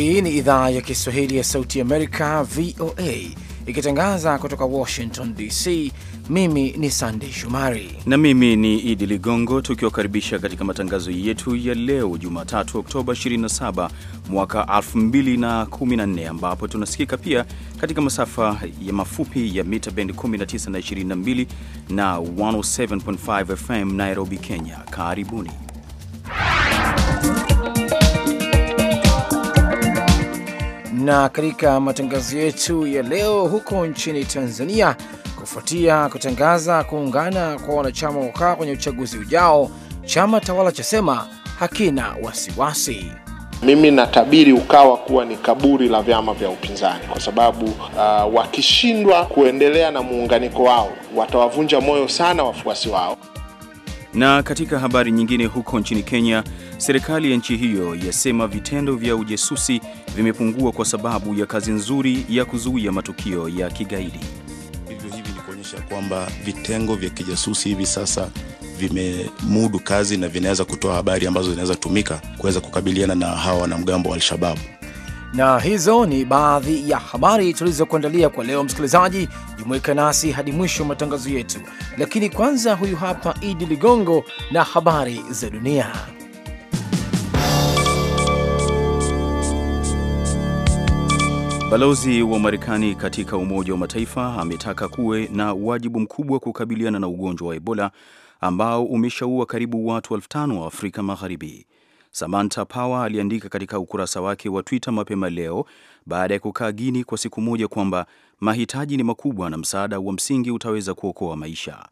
Hii ni idhaa ya Kiswahili ya Sauti Amerika, VOA, ikitangaza kutoka Washington DC. Mimi ni Sandei Shomari na mimi ni Idi Ligongo, tukiwakaribisha katika matangazo yetu ya leo Jumatatu, Oktoba 27 mwaka 2014, ambapo tunasikika pia katika masafa ya mafupi ya mita bendi 19 na 22 na 107.5 FM Nairobi, Kenya. Karibuni. na katika matangazo yetu ya leo huko nchini Tanzania, kufuatia kutangaza kuungana kwa wanachama wakaa kwenye uchaguzi ujao, chama tawala chasema hakina wasiwasi. Mimi natabiri Ukawa kuwa ni kaburi la vyama vya upinzani kwa sababu uh, wakishindwa kuendelea na muunganiko wao watawavunja moyo sana wafuasi wao. Na katika habari nyingine, huko nchini Kenya, serikali ya nchi hiyo yasema vitendo vya ujasusi vimepungua kwa sababu ya kazi nzuri ya kuzuia matukio ya kigaidi. Hivyo hivi ni kuonyesha kwamba vitengo vya kijasusi hivi sasa vimemudu kazi na vinaweza kutoa habari ambazo zinaweza tumika kuweza kukabiliana na hawa wanamgambo wa Al-Shababu. Na hizo ni baadhi ya habari tulizokuandalia kwa leo. Msikilizaji, jumuika nasi hadi mwisho wa matangazo yetu, lakini kwanza, huyu hapa Idi Ligongo na habari za dunia. Balozi wa Marekani katika Umoja wa Mataifa ametaka kuwe na wajibu mkubwa kukabiliana na ugonjwa wa Ebola ambao umeshaua karibu watu elfu tano wa Afrika Magharibi. Samantha Power aliandika katika ukurasa wake wa Twitter mapema leo baada ya kukaa Gini kwa siku moja kwamba mahitaji ni makubwa na msaada wa msingi utaweza kuokoa maisha.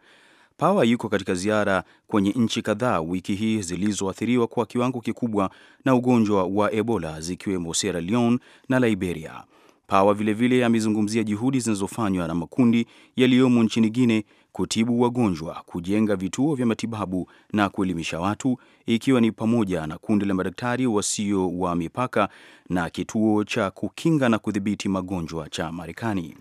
Power yuko katika ziara kwenye nchi kadhaa wiki hii zilizoathiriwa kwa kiwango kikubwa na ugonjwa wa Ebola zikiwemo Sierra Leone na Liberia. Power vilevile amezungumzia juhudi zinazofanywa na makundi yaliyomo nchini Guinea kutibu wagonjwa, kujenga vituo vya matibabu na kuelimisha watu ikiwa ni pamoja na kundi la madaktari wasio wa mipaka na kituo cha kukinga na kudhibiti magonjwa cha Marekani.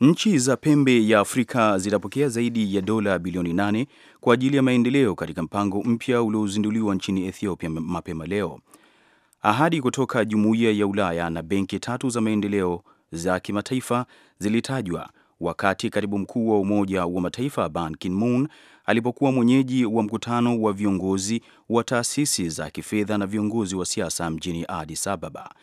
Nchi za pembe ya Afrika zitapokea zaidi ya dola bilioni nane kwa ajili ya maendeleo katika mpango mpya uliozinduliwa nchini Ethiopia mapema leo. Ahadi kutoka Jumuiya ya Ulaya na benki tatu za maendeleo za kimataifa zilitajwa wakati katibu mkuu wa Umoja wa Mataifa Ban Ki-moon alipokuwa mwenyeji wa mkutano wa viongozi wa taasisi za kifedha na viongozi wa siasa mjini Addis Ababa.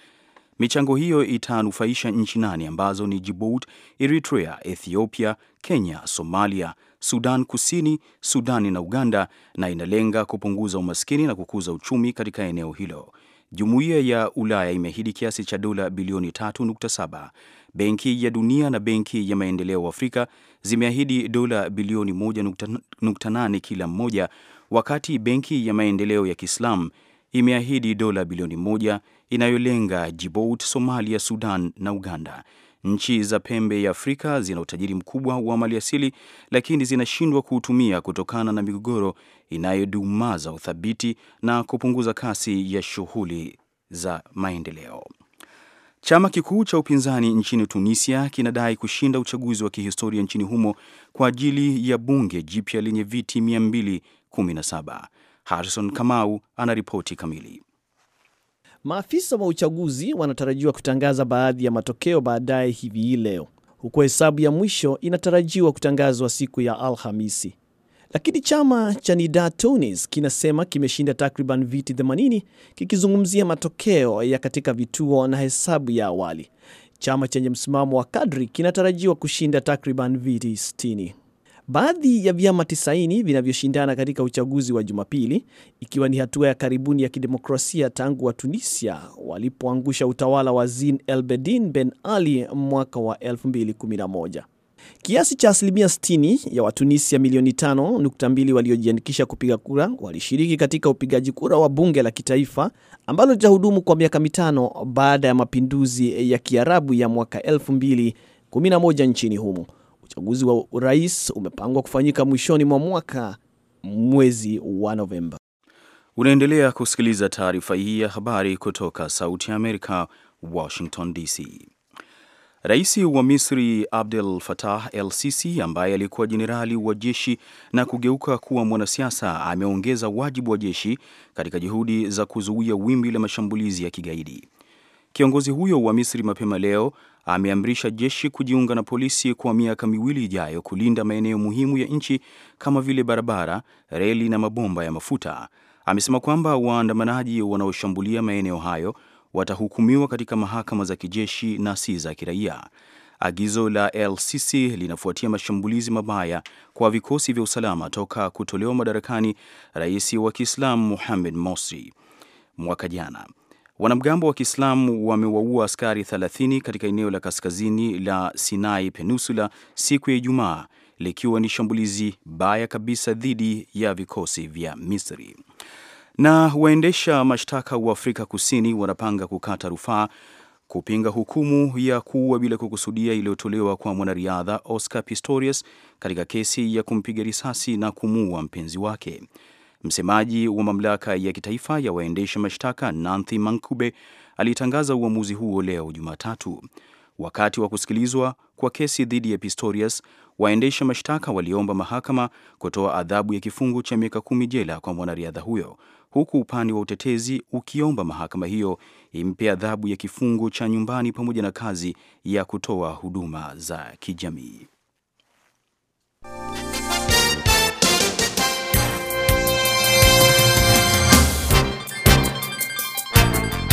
Michango hiyo itanufaisha nchi nane ambazo ni Djibouti, Eritrea, Ethiopia, Kenya, Somalia, Sudan Kusini, Sudani na Uganda na inalenga kupunguza umaskini na kukuza uchumi katika eneo hilo. Jumuiya ya Ulaya imeahidi kiasi cha dola bilioni 3.7. Benki ya Dunia na Benki ya Maendeleo Afrika zimeahidi dola bilioni 1.8 kila mmoja, wakati Benki ya Maendeleo ya Kiislamu imeahidi dola bilioni moja inayolenga Djibouti, Somalia, Sudan na Uganda. Nchi za pembe ya Afrika zina utajiri mkubwa wa maliasili, lakini zinashindwa kuutumia kutokana na migogoro inayodumaza uthabiti na kupunguza kasi ya shughuli za maendeleo. Chama kikuu cha upinzani nchini Tunisia kinadai kushinda uchaguzi wa kihistoria nchini humo kwa ajili ya bunge jipya lenye viti 217. Harrison Kamau anaripoti kamili. Maafisa wa uchaguzi wanatarajiwa kutangaza baadhi ya matokeo baadaye hivi leo, huku hesabu ya mwisho inatarajiwa kutangazwa siku ya Alhamisi. Lakini chama cha nida tonis kinasema kimeshinda takriban viti 80 kikizungumzia matokeo ya katika vituo na hesabu ya awali. Chama chenye msimamo wa kadri kinatarajiwa kushinda takriban viti 60. Baadhi ya vyama 90 vinavyoshindana katika uchaguzi wa Jumapili, ikiwa ni hatua ya karibuni ya kidemokrasia tangu wa tunisia walipoangusha utawala wa zin Elbedin Ben Ali mwaka wa 211 Kiasi cha asilimia 60 ya Watunisia milioni 5.2 waliojiandikisha kupiga kura walishiriki katika upigaji kura wa bunge la kitaifa ambalo litahudumu kwa miaka mitano baada ya mapinduzi ya Kiarabu ya mwaka 2011 nchini humo. Uchaguzi wa urais umepangwa kufanyika mwishoni mwa mwaka mwezi wa Novemba. Unaendelea kusikiliza taarifa hii ya habari kutoka Sauti ya Amerika, Washington DC. Rais wa Misri Abdel Fattah El Sisi ambaye alikuwa jenerali wa jeshi na kugeuka kuwa mwanasiasa ameongeza wajibu wa jeshi katika juhudi za kuzuia wimbi la mashambulizi ya kigaidi. Kiongozi huyo wa Misri mapema leo ameamrisha jeshi kujiunga na polisi kwa miaka miwili ijayo kulinda maeneo muhimu ya nchi kama vile barabara, reli na mabomba ya mafuta. Amesema kwamba waandamanaji wanaoshambulia maeneo hayo watahukumiwa katika mahakama za kijeshi na si za kiraia. Agizo la LCC linafuatia mashambulizi mabaya kwa vikosi vya usalama toka kutolewa madarakani rais wa Kiislamu Mohamed Morsi mwaka jana. Wanamgambo wa Kiislamu wamewaua askari 30 katika eneo la kaskazini la Sinai Peninsula siku ya Ijumaa, likiwa ni shambulizi baya kabisa dhidi ya vikosi vya Misri. Na waendesha mashtaka wa Afrika Kusini wanapanga kukata rufaa kupinga hukumu ya kuua bila kukusudia iliyotolewa kwa mwanariadha Oscar Pistorius katika kesi ya kumpiga risasi na kumuua mpenzi wake. Msemaji wa mamlaka ya kitaifa ya waendesha mashtaka Nanthi Mankube alitangaza uamuzi huo leo Jumatatu. Wakati wa kusikilizwa kwa kesi dhidi ya Pistorius, waendesha mashtaka waliomba mahakama kutoa adhabu ya kifungo cha miaka kumi jela kwa mwanariadha huyo huku upande wa utetezi ukiomba mahakama hiyo impe adhabu ya kifungo cha nyumbani pamoja na kazi ya kutoa huduma za kijamii.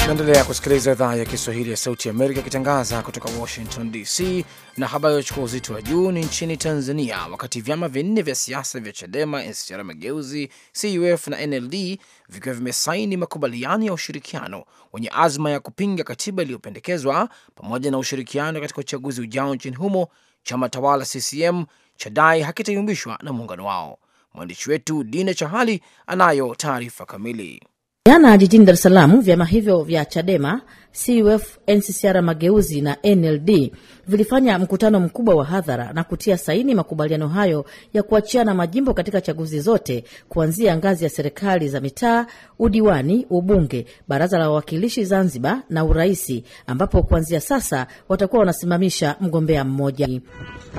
Naendelea kusikiliza idhaa ya Kiswahili ya Sauti Amerika ikitangaza kutoka Washington DC, na habari yachukua uzito wa juu ni nchini Tanzania, wakati vyama vinne vya siasa vya CHADEMA, NCCR Mageuzi, CUF na NLD vikiwa vimesaini makubaliano ya ushirikiano wenye azma ya kupinga katiba iliyopendekezwa pamoja na ushirikiano katika uchaguzi ujao nchini humo, chama tawala CCM chadai hakitayumbishwa na muungano wao. Mwandishi wetu Dina Chahali anayo taarifa kamili. Jana jijini Dar es Salaam, vyama hivyo vya Chadema, CUF, NCCR Mageuzi na NLD vilifanya mkutano mkubwa wa hadhara na kutia saini makubaliano hayo ya kuachiana majimbo katika chaguzi zote kuanzia ngazi ya serikali za mitaa, udiwani, ubunge, baraza la wawakilishi Zanzibar na uraisi, ambapo kuanzia sasa watakuwa wanasimamisha mgombea mmoja.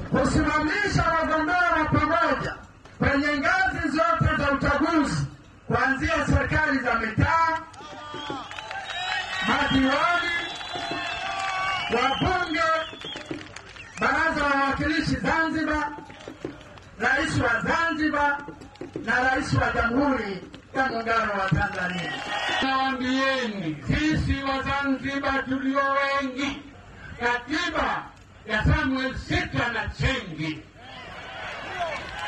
Kusimamisha wagombea wa pamoja kwenye ngazi kuanzia serikali za mitaa, madiwani, wabunge, baraza la wawakilishi Zanzibar, rais wa Zanzibar na rais wa Jamhuri ya Muungano wa Tanzania. Nawaambieni sisi wa Zanzibar tulio wengi, katiba ya Samuel Sitta na Chengi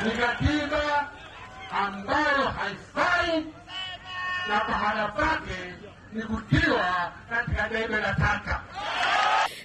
ni katiba ambayo la la de pake kuvutiwa katika debe la taka.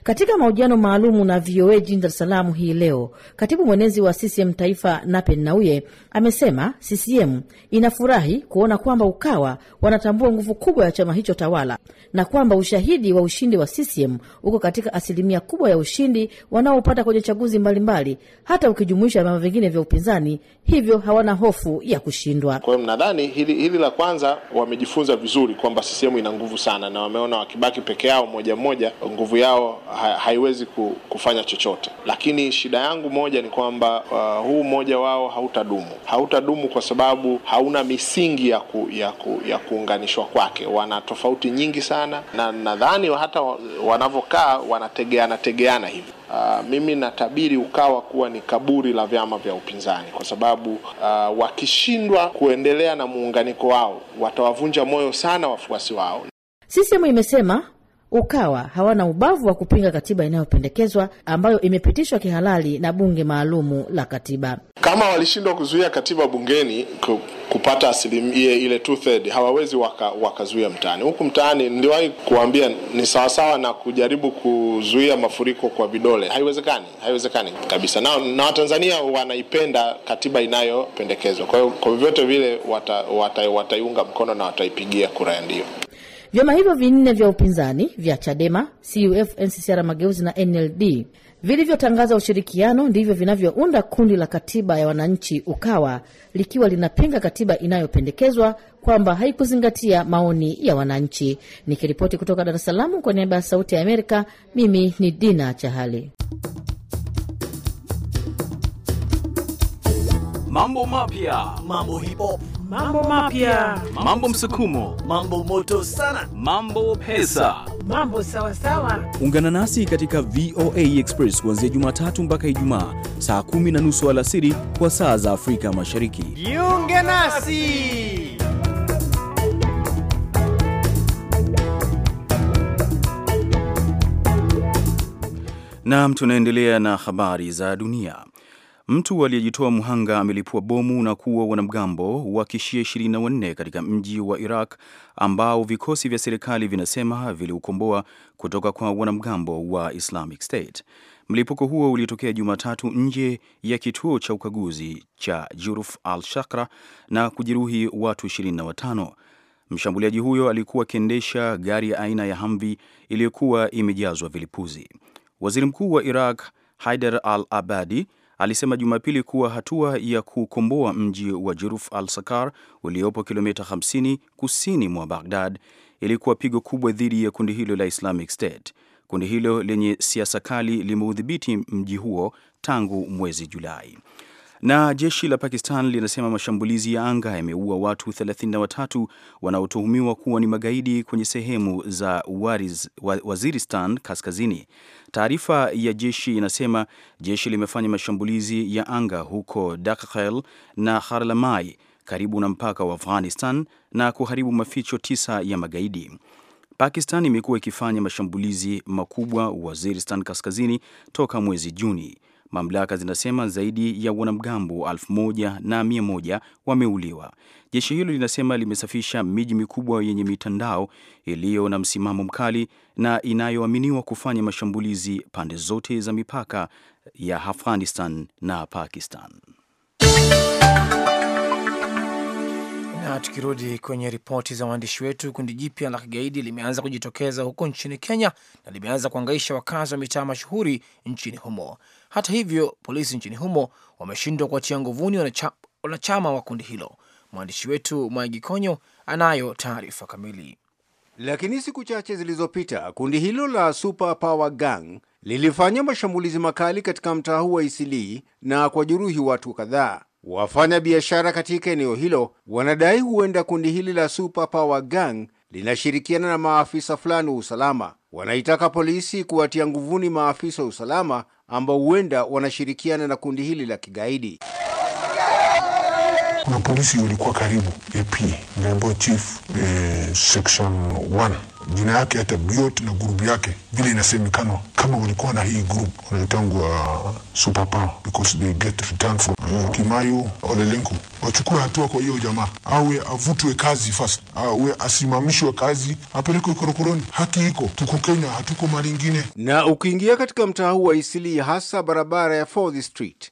Katika mahojiano maalumu na VOA jijini Dar es Salaam hii leo, katibu mwenezi wa CCM Taifa Napen Nnauye amesema CCM inafurahi kuona kwamba UKAWA wanatambua nguvu kubwa ya chama hicho tawala na kwamba ushahidi wa ushindi wa CCM uko katika asilimia kubwa ya ushindi wanaopata kwenye chaguzi mbalimbali, hata ukijumuisha vyama vingine vya upinzani, hivyo hawana hofu ya kushindwa. Kwa hiyo mnadhani hili, hili la kwanza wamejifunza vizuri kwamba CCM ina nguvu sana, na wameona wakibaki peke yao moja moja, nguvu yao ha haiwezi kufanya chochote. Lakini shida yangu moja ni kwamba uh, huu mmoja wao hautadumu, hautadumu kwa sababu hauna misingi ya, ku, ya, ku, ya kuunganishwa kwake. Wana tofauti nyingi sana, na nadhani hata wanavyokaa wanategeana tegeana hivi. Uh, mimi natabiri Ukawa kuwa ni kaburi la vyama vya upinzani kwa sababu uh, wakishindwa kuendelea na muunganiko wao watawavunja moyo sana wafuasi wao. CCM imesema Ukawa hawana ubavu wa kupinga katiba inayopendekezwa ambayo imepitishwa kihalali na bunge maalumu la katiba kama walishindwa kuzuia katiba bungeni kupata asilimia ile two third, hawawezi wakazuia waka mtaani. Huku mtaani niliwahi kuambia ni sawasawa na kujaribu kuzuia mafuriko kwa vidole, haiwezekani, haiwezekani kabisa. Na, na Watanzania wanaipenda katiba inayopendekezwa. Kwa hiyo kwa vyovyote vile wataiunga wata, wata mkono na wataipigia kura ya ndio. Vyama hivyo vinne vya upinzani vya Chadema, CUF, NCCR Mageuzi na NLD vilivyotangaza ushirikiano ndivyo vinavyounda kundi la katiba ya wananchi Ukawa, likiwa linapinga katiba inayopendekezwa kwamba haikuzingatia maoni ya wananchi. Nikiripoti kutoka Dar es kwa niaba ya Sauti ya Amerika, mimi ni Dina Chahali. Mambo mapya, mambo hipo mambo mapya, mambo msukumo, mambo moto sana, mambo pesa, mambo sawasawa. Ungana nasi katika VOA Express kuanzia Jumatatu mpaka Ijumaa saa kumi na nusu alasiri kwa saa za Afrika Mashariki. Jiunge nasi. Naam, tunaendelea na habari za dunia. Mtu aliyejitoa mhanga amelipua bomu na kuua wanamgambo wa kishia 24 katika mji wa Iraq ambao vikosi vya serikali vinasema viliukomboa kutoka kwa wanamgambo wa Islamic State. Mlipuko huo ulitokea Jumatatu nje ya kituo cha ukaguzi cha Juruf al-Shakra na kujeruhi watu 25. Mshambuliaji huyo alikuwa akiendesha gari ya aina ya hamvi iliyokuwa imejazwa vilipuzi. Waziri Mkuu wa Iraq Haider al-Abadi alisema Jumapili kuwa hatua ya kukomboa mji wa Jeruf al-Sakar uliopo kilomita 50 kusini mwa Baghdad ilikuwa pigo kubwa dhidi ya kundi hilo la Islamic State. Kundi hilo lenye siasa kali limeudhibiti mji huo tangu mwezi Julai. Na jeshi la Pakistan linasema mashambulizi ya anga yameua watu 33 wanaotuhumiwa kuwa ni magaidi kwenye sehemu za Wariz, Waziristan kaskazini. Taarifa ya jeshi inasema jeshi limefanya mashambulizi ya anga huko Dakhel na Harlamai karibu na mpaka wa Afghanistan na kuharibu maficho tisa ya magaidi. Pakistan imekuwa ikifanya mashambulizi makubwa Waziristan kaskazini toka mwezi Juni. Mamlaka zinasema zaidi ya wanamgambo elfu na wameuliwa. Jeshi hilo linasema limesafisha miji mikubwa yenye mitandao iliyo na msimamo mkali na inayoaminiwa kufanya mashambulizi pande zote za mipaka ya Afghanistan na Pakistan. Na tukirudi kwenye ripoti za waandishi wetu, kundi jipya la kigaidi limeanza kujitokeza huko nchini Kenya na limeanza kuangaisha wakazi wa mitaa mashuhuri nchini humo. Hata hivyo, polisi nchini humo wameshindwa kuwatia nguvuni wanachama wa kundi hilo. Mwandishi wetu Mwangi Konyo anayo taarifa kamili. Lakini siku chache zilizopita kundi hilo la Super Power Gang lilifanya mashambulizi makali katika mtaa huu wa Isilii na kwa jeruhi watu kadhaa. Wafanya biashara katika eneo hilo wanadai huenda kundi hili la Super Power Gang linashirikiana na maafisa fulani wa usalama. Wanaitaka polisi kuwatia nguvuni maafisa wa usalama ambao huenda wanashirikiana na kundi hili la kigaidi. Kuna polisi walikuwa karibu, AP Ngembo chief eh, section 1 jina yake hata Biot na grupu yake vile inasemekana, kama walikuwa na hii group wanaitangwa uh, because they get return from uh, Kimayu Olelenku. Wachukue hatua kwa hiyo jamaa, awe avutwe kazi first, awe asimamishwe kazi, apelekwe korokoroni. Haki iko, tuko Kenya, hatuko mali ingine. Na ukiingia katika mtaa huu wa Isili, hasa barabara ya 4th Street,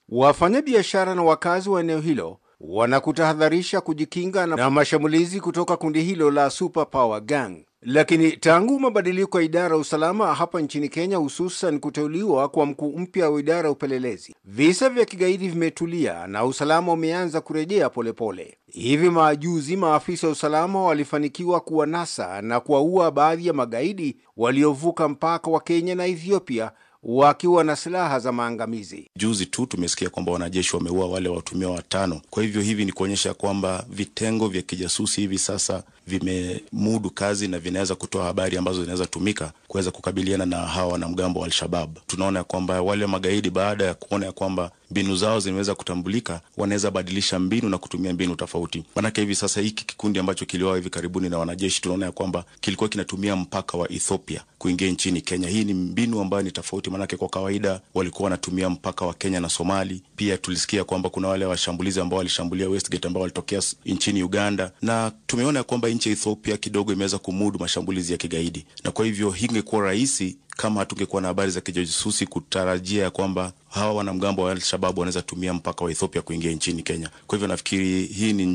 biashara na wakazi wa eneo hilo wanakutahadharisha kujikinga na mashambulizi kutoka kundi hilo la power gang. Lakini tangu mabadiliko ya idara ya usalama hapa nchini Kenya, hususan kuteuliwa kwa mkuu mpya wa idara ya upelelezi, visa vya kigaidi vimetulia na usalama umeanza kurejea polepole. Hivi majuzi maafisa wa usalama walifanikiwa kuwanasa na kuwaua baadhi ya magaidi waliovuka mpaka wa Kenya na Ethiopia wakiwa na silaha za maangamizi. Juzi tu tumesikia kwamba wanajeshi wameua wale watumia watano. Kwa hivyo hivi ni kuonyesha kwamba vitengo vya kijasusi hivi sasa vimemudu kazi na vinaweza kutoa habari ambazo zinaweza tumika kuweza kukabiliana na hawa wanamgambo wa Alshabab. Tunaona ya kwamba wale magaidi baada ya kuona ya kwamba mbinu zao zimeweza kutambulika, wanaweza badilisha mbinu na kutumia mbinu tofauti. Maanake hivi sasa hiki kikundi ambacho kiliwawa hivi karibuni na wanajeshi, tunaona ya kwamba kilikuwa kinatumia mpaka wa Ethiopia kuingia nchini Kenya. Hii ni mbinu ambayo ni tofauti, maanake kwa kawaida walikuwa wanatumia mpaka wa Kenya na Somali. Pia tulisikia kwamba kuna wale washambulizi ambao walishambulia Westgate ambao walitokea nchini Uganda, na tumeona ya kwamba nchi ya Ethiopia kidogo imeweza kumudu mashambulizi ya kigaidi, na kwa hivyo hingekuwa rahisi kama hatungekuwa na habari za kijasusi kutarajia ya kwamba hawa wanamgambo wa al wanaweza tumia mpaka wa Ethiopia kuingia nchini Kenya. Kwa hivyo nafikiri hii ni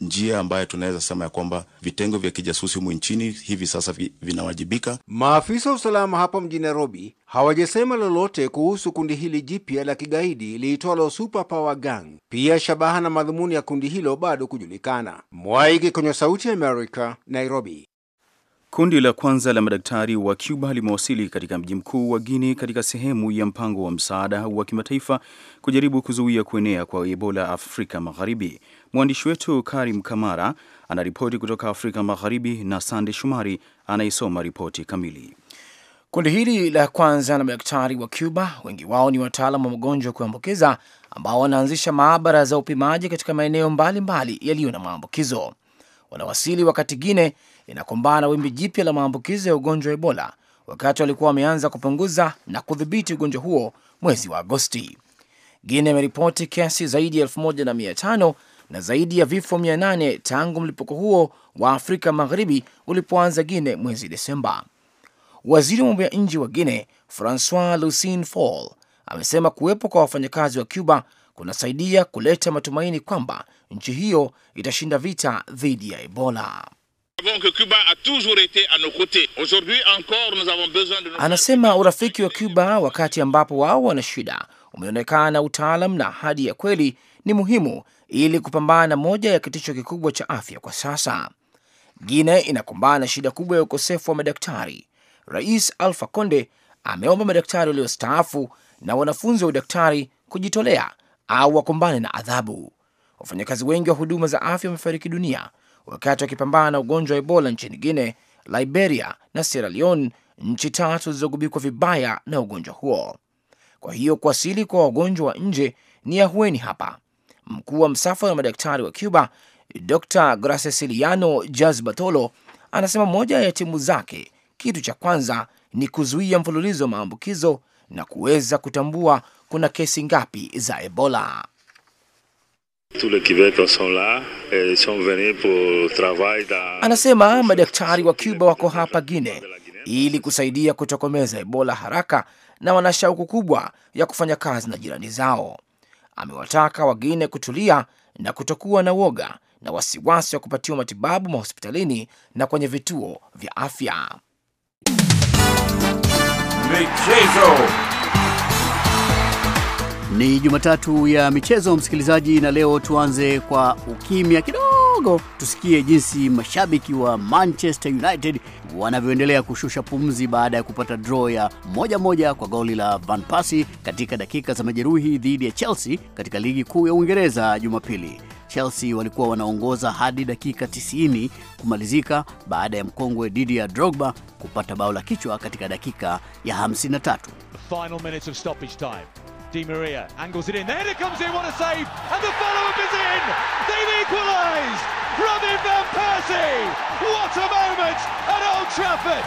njia ambayo tunaweza sema ya kwamba vitengo vya kijasusi humu nchini hivi sasa vinawajibika. Maafisa wa usalama hapa mjini Nairobi hawajasema lolote kuhusu kundi hili jipya la kigaidi liitwalo Super Power Gang. Pia shabaha na madhumuni ya kundi hilo bado kujulikana. Mwaiki kwenye Sauti ya Amerika, Nairobi. Kundi la kwanza la madaktari wa Cuba limewasili katika mji mkuu wa Guini katika sehemu ya mpango wa msaada wa kimataifa kujaribu kuzuia kuenea kwa Ebola Afrika Magharibi. Mwandishi wetu Karim Kamara anaripoti kutoka Afrika Magharibi na Sande Shumari anayesoma ripoti kamili. Kundi hili la kwanza la madaktari wa Cuba, wengi wao ni wataalam wa magonjwa ya kuambukiza ambao wanaanzisha maabara za upimaji katika maeneo mbalimbali yaliyo na maambukizo. Wanawasili wakati Guinea inakumbana na wimbi jipya la maambukizi ya ugonjwa wa Ebola wakati walikuwa wameanza kupunguza na kudhibiti ugonjwa huo mwezi wa Agosti. Guinea imeripoti kesi zaidi ya elfu moja na mia tano na zaidi ya vifo 8 tangu mlipuko huo wa Afrika Magharibi ulipoanza Guinea mwezi Desemba. Waziri wa mambo ya nje wa Guinea Francois Lucien Fall amesema kuwepo kwa wafanyakazi wa Cuba kunasaidia kuleta matumaini kwamba nchi hiyo itashinda vita dhidi ya Ebola que Cuba a toujours été à nos Aujourd'hui encore nous avons besoin de... Anasema urafiki wa Cuba wakati ambapo wao wana shida umeonekana utaalam na ahadi ya kweli ni muhimu ili kupambana na moja ya kitisho kikubwa cha afya kwa sasa. Guine inakumbana na shida kubwa ya ukosefu wa madaktari. Rais Alfa Conde ameomba madaktari waliostaafu na wanafunzi wa udaktari kujitolea au wakumbane na adhabu. Wafanyakazi wengi wa huduma za afya wamefariki dunia wakati wakipambana na ugonjwa wa Ebola nchini Guine, Liberia na Sierra Leone, nchi tatu zilizogubikwa vibaya na ugonjwa huo. Kwa hiyo kuwasili kwa wagonjwa wa nje ni ahueni hapa. Mkuu wa msafara wa madaktari wa Cuba Dr Graciliano Jaz Batolo anasema moja ya timu zake, kitu cha kwanza ni kuzuia mfululizo wa maambukizo na kuweza kutambua kuna kesi ngapi za Ebola. Tous les Québécois sont là et sont venus pour dans... Anasema madaktari wa Cuba wako hapa guine ili kusaidia kutokomeza Ebola haraka na wana shauku kubwa ya kufanya kazi na jirani zao. Amewataka wagine kutulia na kutokuwa na woga na wasiwasi wa kupatiwa matibabu mahospitalini na kwenye vituo vya afya. Michezo. Ni Jumatatu ya michezo, msikilizaji, na leo tuanze kwa ukimya kidogo, tusikie jinsi mashabiki wa Manchester United wanavyoendelea kushusha pumzi baada ya kupata draw ya moja moja kwa goli la Van Persie katika dakika za majeruhi dhidi ya Chelsea katika ligi kuu ya Uingereza Jumapili. Chelsea walikuwa wanaongoza hadi dakika 90 kumalizika baada ya mkongwe Didier Drogba kupata bao la kichwa katika dakika ya 53. Di Maria angles it in. There it comes in. What a save! And the follow-up is in. They've equalised. Robin van Persie. What a moment at Old Trafford.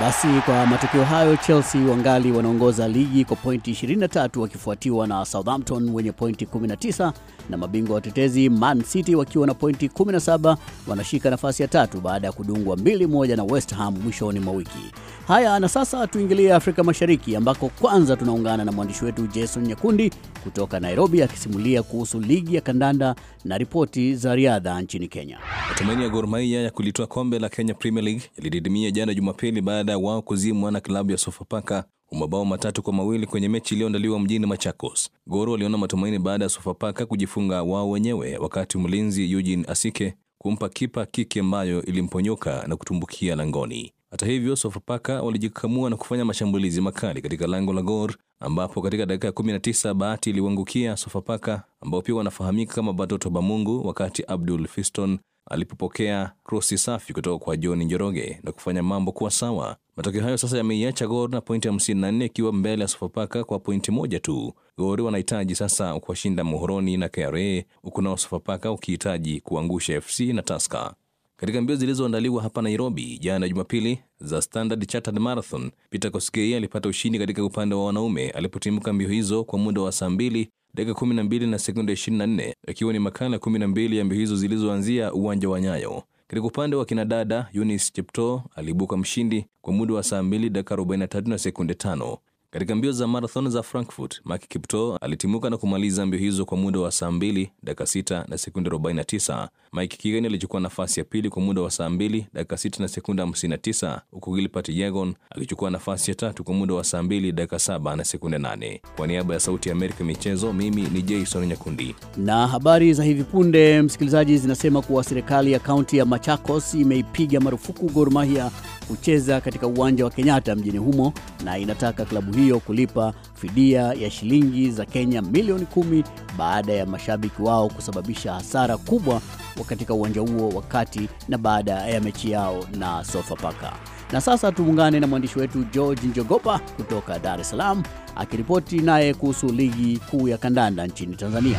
Basi kwa matokeo hayo Chelsea wangali wanaongoza ligi kwa pointi 23 wakifuatiwa na Southampton wenye pointi 19 na mabingwa watetezi Man City wakiwa na pointi 17 wanashika nafasi ya tatu baada ya kudungwa 2-1 na West Ham mwishoni mwa wiki. Haya, na sasa tuingilie Afrika Mashariki ambako kwanza tunaungana na mwandishi wetu Jason Nyakundi kutoka Nairobi akisimulia kuhusu ligi ya kandanda na ripoti za riadha nchini Kenya. Matumaini ya Gor Mahia ya kulitoa kombe la Kenya Premier League yalididimia jana Jumapili baada ya wao kuzimwa na klabu ya Sofapaka mabao matatu kwa mawili kwenye mechi iliyoandaliwa mjini Machakos. Gor waliona matumaini baada ya Sofapaka kujifunga wao wenyewe wakati mlinzi Eugene Asike kumpa kipa kiki ambayo ilimponyoka na kutumbukia langoni. Hata hivyo, Sofapaka walijikamua na kufanya mashambulizi makali katika lango la Gor, ambapo katika dakika ya 19 bahati iliwangukia Sofapaka ambao pia wanafahamika kama Batoto Bamungu, wakati Abdul Fiston alipopokea krosi safi kutoka kwa John Njoroge na kufanya mambo kuwa sawa. Matokeo hayo sasa yameiacha Gor na pointi 54 ikiwa mbele ya Sofapaka kwa pointi moja tu. Gor wanahitaji sasa kuwashinda Muhoroni na KRA huku nao Sofapaka ukihitaji kuangusha FC na Taska. Katika mbio zilizoandaliwa hapa Nairobi jana Jumapili za Standard Chartered Marathon, Peter Koskei alipata ushindi katika upande wa wanaume alipotimka mbio hizo kwa muda wa saa 2 dakika 12 na sekunde 24, ikiwa ni makala 12 ya mbio hizo zilizoanzia uwanja wa Nyayo. Katika upande wa kinadada, Eunice Chepto aliibuka mshindi kwa muda wa saa 2 dakika 43 na sekunde tano. Katika mbio za marathon za Frankfurt, Mak kipto alitimuka na kumaliza mbio hizo kwa muda wa saa 2 dakika 6 na sekunde 49. Mike Kigani alichukua nafasi ya pili kwa muda wa saa 2 dakika 6 na sekunde 59, huku Gilbert Jegon akichukua nafasi ya tatu kwa muda wa saa 2 dakika 7 na sekunde 8. Kwa niaba ya Sauti ya Amerika michezo, mimi ni Jason Nyakundi. Na habari za hivi punde, msikilizaji, zinasema kuwa serikali ya kaunti ya Machakos imeipiga marufuku Gor Mahia kucheza katika uwanja wa Kenyatta mjini humo na inataka klabu hiyo kulipa fidia ya shilingi za Kenya milioni kumi baada ya mashabiki wao kusababisha hasara kubwa katika uwanja huo wakati na baada ya mechi yao na Sofapaka. Na sasa tuungane na mwandishi wetu George Njogopa kutoka Dar es Salaam akiripoti naye kuhusu ligi kuu ya kandanda nchini Tanzania.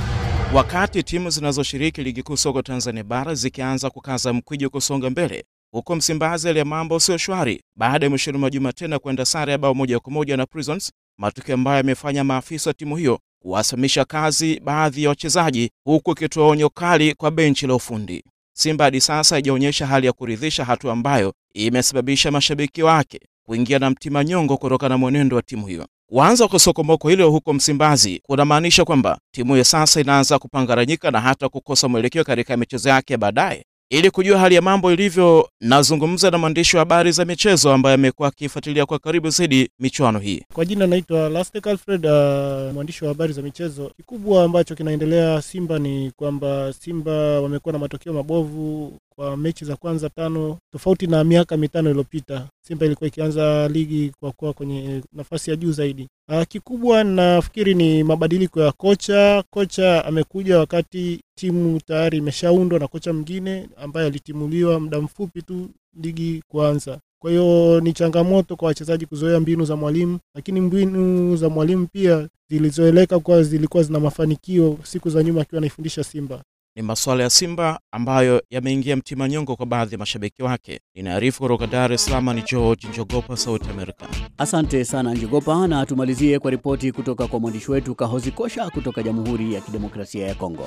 Wakati timu zinazoshiriki ligi kuu soka Tanzania bara zikianza kukaza mkwiji kusonga mbele, huku Msimbazi hali ya mambo sio shwari baada ya mwishoni mwa juma tena kwenda sare ya bao moja kwa moja na Prisons, matukio ambayo yamefanya maafisa wa timu hiyo kuwasimamisha kazi baadhi ya wachezaji, huku ikitoa onyo kali kwa benchi la ufundi. Simba hadi sasa haijaonyesha hali ya kuridhisha, hatua ambayo imesababisha mashabiki wake kuingia na mtima nyongo kutokana na mwenendo wa timu hiyo. Kuanza kwa sokomoko hilo huko Msimbazi kunamaanisha kwamba timu hiyo sasa inaanza kupangaranyika na hata kukosa mwelekeo katika michezo yake ya baadaye, ili kujua hali ya mambo ilivyo, nazungumza na mwandishi wa habari za michezo ambaye amekuwa akifuatilia kwa karibu zaidi michuano hii. Kwa jina naitwa Lastek Alfred, uh, mwandishi wa habari za michezo. Kikubwa ambacho kinaendelea Simba ni kwamba Simba wamekuwa na matokeo mabovu kwa mechi za kwanza tano, tofauti na miaka mitano iliyopita. Simba ilikuwa ikianza ligi kwa kuwa kwenye nafasi ya juu zaidi. Ah, kikubwa nafikiri ni mabadiliko ya kocha. Kocha amekuja wakati timu tayari imeshaundwa na kocha mwingine ambaye alitimuliwa muda mfupi tu ligi kuanza. Kwa hiyo ni changamoto kwa wachezaji kuzoea mbinu za mwalimu, lakini mbinu za mwalimu pia zilizoeleka kuwa zilikuwa zina mafanikio siku za nyuma akiwa anaifundisha Simba ni masuala ya Simba ambayo yameingia mtima nyongo kwa baadhi ya mashabiki wake. Inaarifu kutoka Dar es Salaam ni George Njogopa, Sauti Amerika. Asante sana Njogopa, na tumalizie kwa ripoti kutoka kwa mwandishi wetu Kahozi Kosha kutoka Jamhuri ya Kidemokrasia ya Kongo.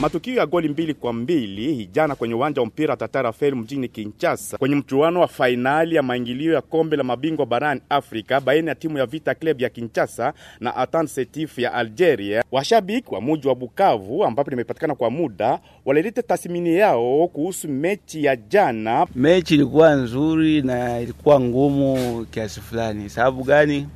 Matukio ya goli mbili kwa mbili jana kwenye uwanja wa mpira Tata Fair mjini Kinshasa kwenye mchuano wa fainali ya maingilio ya kombe la mabingwa barani Afrika baina ya timu ya Vita Club ya Kinshasa na Atan Setif ya Algeria. Washabiki wa muji wa Bukavu ambapo limepatikana kwa muda muda walileta tathmini yao kuhusu mechi ya jana. Mechi ilikuwa nzuri na ilikuwa ngumu kiasi fulani. Sababu gani?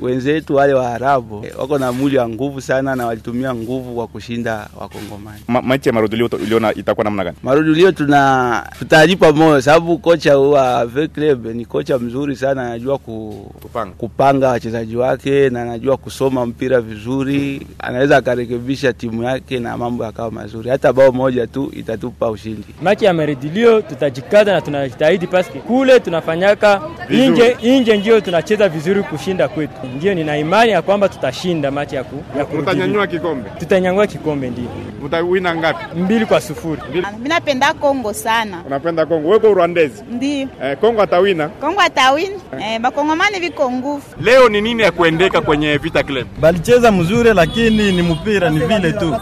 wenzetu wale wa Waarabu eh, wako na mwili wa nguvu sana, na walitumia nguvu kwa kushinda Wakongomani. Ma, ya marudulio uliona itakuwa namna gani? Marudulio tuna tutajipa moyo, sababu kocha wa Club ni kocha mzuri sana, anajua ku, kupanga, kupanga wachezaji wake na anajua kusoma mpira vizuri, anaweza akarekebisha timu yake na mambo yakawa mazuri. Hata bao moja tu itatupa ushindi. Machi ya marudulio tutajikaza na tunajitahidi, paske kule tunafanyaka nje nje, ndio tunacheza vizuri kushinda kwetu. Ndiyo, nina imani ya kwamba tutashinda mati ya ku, ya kurudi. Tutanyanyua kikombe, tutanyanyua kikombe, ndio utawina ngapi? Mbili kwa sufuri. Ah, mimi napenda Kongo sana. Unapenda Kongo? Wewe Rwandezi? Ndio. Eh, Kongo atawina? Kongo atawina. Eh, bakongomani viko nguvu. Leo ni nini ya kuendeka kwenye Vita Club? Balicheza mzuri lakini ni mpira ni vile tu.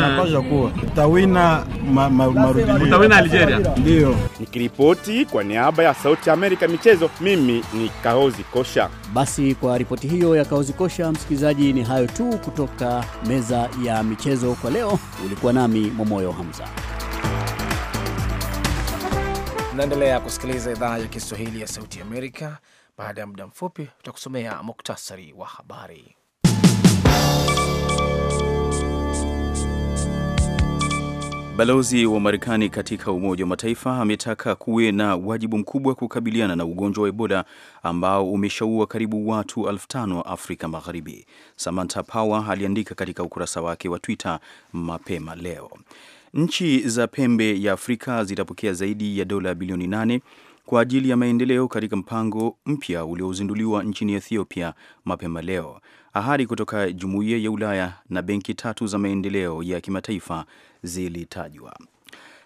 Napasha kuwa. Utawina marudilio. Utawina Algeria? Ndio. Nikiripoti kwa niaba ya Sauti ya Amerika michezo, mimi ni Kaozi Kosha. Basi kwa ripoti hiyo ya Kaozi Kosha, msikilizaji, ni hayo tu kutoka meza ya michezo kwa leo. Ulikuwa nami Momoyo Hamza. naendelea kusikiliza idhaa ya Kiswahili ya Sauti Amerika. Baada ya muda mfupi, utakusomea muktasari wa habari. Balozi wa Marekani katika Umoja wa Mataifa ametaka kuwe na wajibu mkubwa kukabiliana na ugonjwa wa Ebola ambao umeshaua karibu watu elfu tano Afrika Magharibi. Samantha Power aliandika katika ukurasa wake wa Twitter mapema leo. Nchi za pembe ya Afrika zitapokea zaidi ya dola bilioni nane kwa ajili ya maendeleo katika mpango mpya uliozinduliwa nchini Ethiopia mapema leo. Ahadi kutoka Jumuiya ya Ulaya na benki tatu za maendeleo ya kimataifa zilitajwa.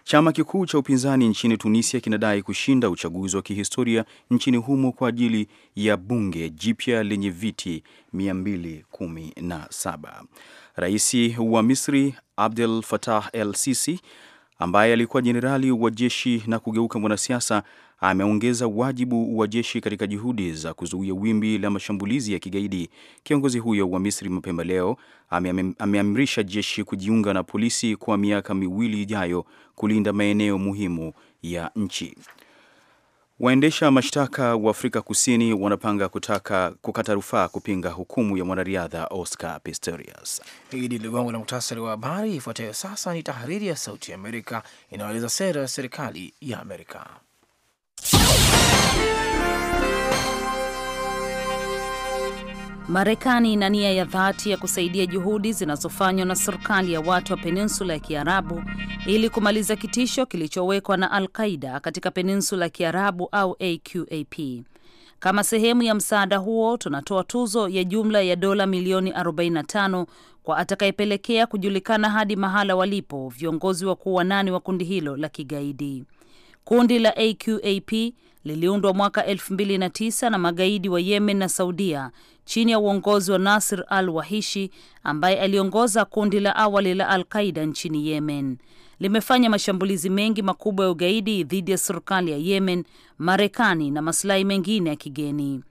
Chama kikuu cha upinzani nchini Tunisia kinadai kushinda uchaguzi wa kihistoria nchini humo kwa ajili ya bunge jipya lenye viti 217. Rais wa Misri Abdel Fattah el Sisi ambaye alikuwa jenerali wa jeshi na kugeuka mwanasiasa, ameongeza wajibu wa jeshi katika juhudi za kuzuia wimbi la mashambulizi ya kigaidi. Kiongozi huyo wa Misri mapema leo ameamrisha jeshi kujiunga na polisi kwa miaka miwili ijayo kulinda maeneo muhimu ya nchi. Waendesha mashtaka wa Afrika Kusini wanapanga kutaka kukata rufaa kupinga hukumu ya mwanariadha Oscar Pistorius. Hili ligongo la muhtasari wa habari. Ifuatayo sasa ni tahariri ya Sauti ya Amerika inayoeleza sera ya serikali ya Amerika. Marekani ina nia ya dhati ya kusaidia juhudi zinazofanywa na serikali ya watu wa peninsula ya Kiarabu ili kumaliza kitisho kilichowekwa na Al Qaida katika peninsula ya Kiarabu au AQAP. Kama sehemu ya msaada huo, tunatoa tuzo ya jumla ya dola milioni 45 kwa atakayepelekea kujulikana hadi mahala walipo viongozi wakuu wanane wa kundi hilo la kigaidi. Kundi la AQAP liliundwa mwaka 2009 na magaidi wa Yemen na Saudia chini ya uongozi wa Nasir al-Wahishi ambaye aliongoza kundi la awali la Al-Qaida nchini Yemen. Limefanya mashambulizi mengi makubwa ya ugaidi dhidi ya serikali ya Yemen, Marekani na masilahi mengine ya kigeni.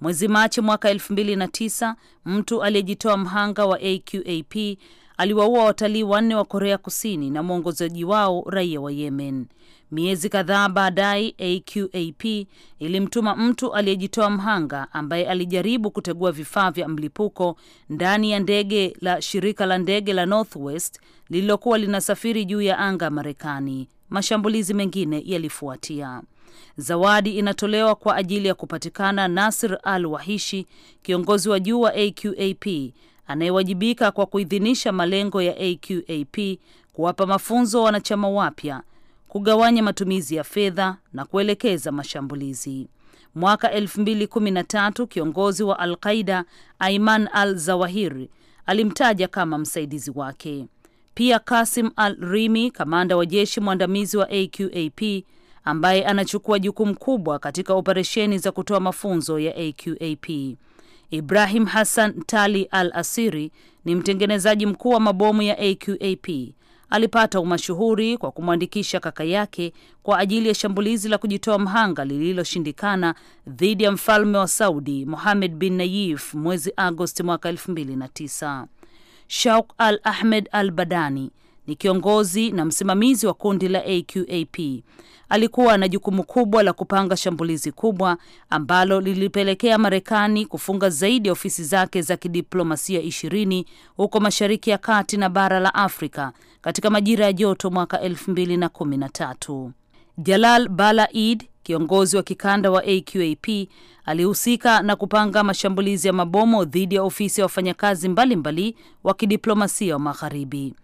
Mwezi Machi mwaka 2009, mtu aliyejitoa mhanga wa AQAP aliwaua watalii wanne wa Korea Kusini na mwongozaji wao raia wa Yemen. Miezi kadhaa baadaye, AQAP ilimtuma mtu aliyejitoa mhanga ambaye alijaribu kutegua vifaa vya mlipuko ndani ya ndege la shirika la ndege la Northwest lililokuwa linasafiri juu ya anga Marekani. Mashambulizi mengine yalifuatia. Zawadi inatolewa kwa ajili ya kupatikana Nasir Al Wahishi, kiongozi wa juu wa AQAP anayewajibika kwa kuidhinisha malengo ya AQAP, kuwapa mafunzo wanachama wapya kugawanya matumizi ya fedha na kuelekeza mashambulizi. Mwaka 2013 kiongozi wa Al Qaida Aiman Al Zawahiri alimtaja kama msaidizi wake. Pia Kasim Al Rimi, kamanda wa jeshi mwandamizi wa AQAP ambaye anachukua jukumu kubwa katika operesheni za kutoa mafunzo ya AQAP. Ibrahim Hassan Tali Al Asiri ni mtengenezaji mkuu wa mabomu ya AQAP alipata umashuhuri kwa kumwandikisha kaka yake kwa ajili ya shambulizi la kujitoa mhanga lililoshindikana dhidi ya mfalme wa Saudi Mohammed bin Nayif mwezi Agosti mwaka 2009. Shauk Al Ahmed Al Badani ni kiongozi na msimamizi wa kundi la AQAP. Alikuwa na jukumu kubwa la kupanga shambulizi kubwa ambalo lilipelekea Marekani kufunga zaidi ya ofisi zake za kidiplomasia ishirini huko Mashariki ya Kati na bara la Afrika katika majira ya joto mwaka tatu Jalal Balaid kiongozi wa kikanda wa AQAP alihusika na kupanga mashambulizi ya mabomo dhidi ya ofisi ya wafanyakazi mbalimbali wa kidiplomasia wa Magharibi.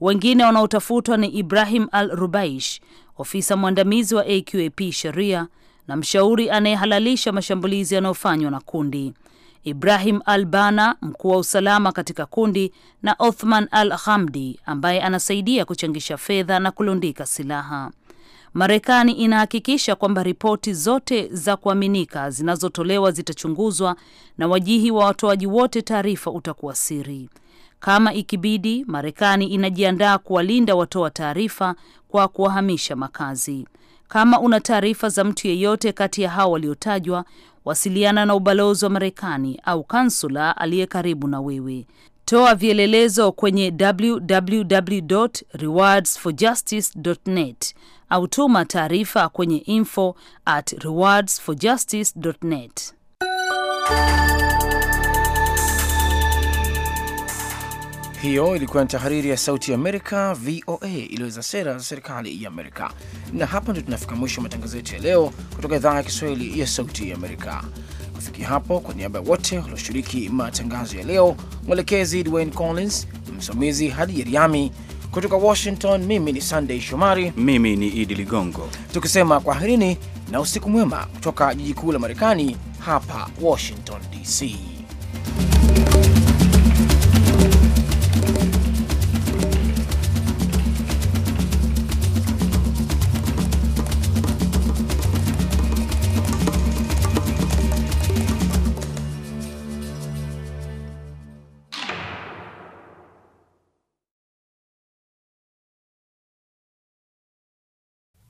Wengine wanaotafutwa ni Ibrahim Al Rubaish, ofisa mwandamizi wa AQAP sheria na mshauri anayehalalisha mashambulizi yanayofanywa na kundi, Ibrahim Al Bana, mkuu wa usalama katika kundi, na Othman Al Hamdi ambaye anasaidia kuchangisha fedha na kulundika silaha. Marekani inahakikisha kwamba ripoti zote za kuaminika zinazotolewa zitachunguzwa na wajihi wa watoaji wote taarifa utakuwa siri. Kama ikibidi, Marekani inajiandaa kuwalinda watoa taarifa kwa kuwahamisha makazi. Kama una taarifa za mtu yeyote kati ya hao waliotajwa, wasiliana na ubalozi wa Marekani au kansula aliye karibu na wewe. Toa vielelezo kwenye www.rewardsforjustice.net au tuma taarifa kwenye info at rewardsforjustice.net. Hiyo ilikuwa ni tahariri ya Sauti Amerika, VOA, iliyoweza sera za serikali ya Amerika. Na hapa ndio tunafika mwisho matangazo yetu ya leo kutoka idhaa ya Kiswahili ya Sauti ya Amerika. Kufikia hapo, kwa niaba ya wote walioshiriki matangazo ya leo, mwelekezi Dwayne Collins, msimamizi Hadi Yeriami kutoka Washington, mimi ni sandey Shomari, mimi ni Idi Ligongo, tukisema kwaherini na usiku mwema kutoka jiji kuu la Marekani, hapa Washington DC.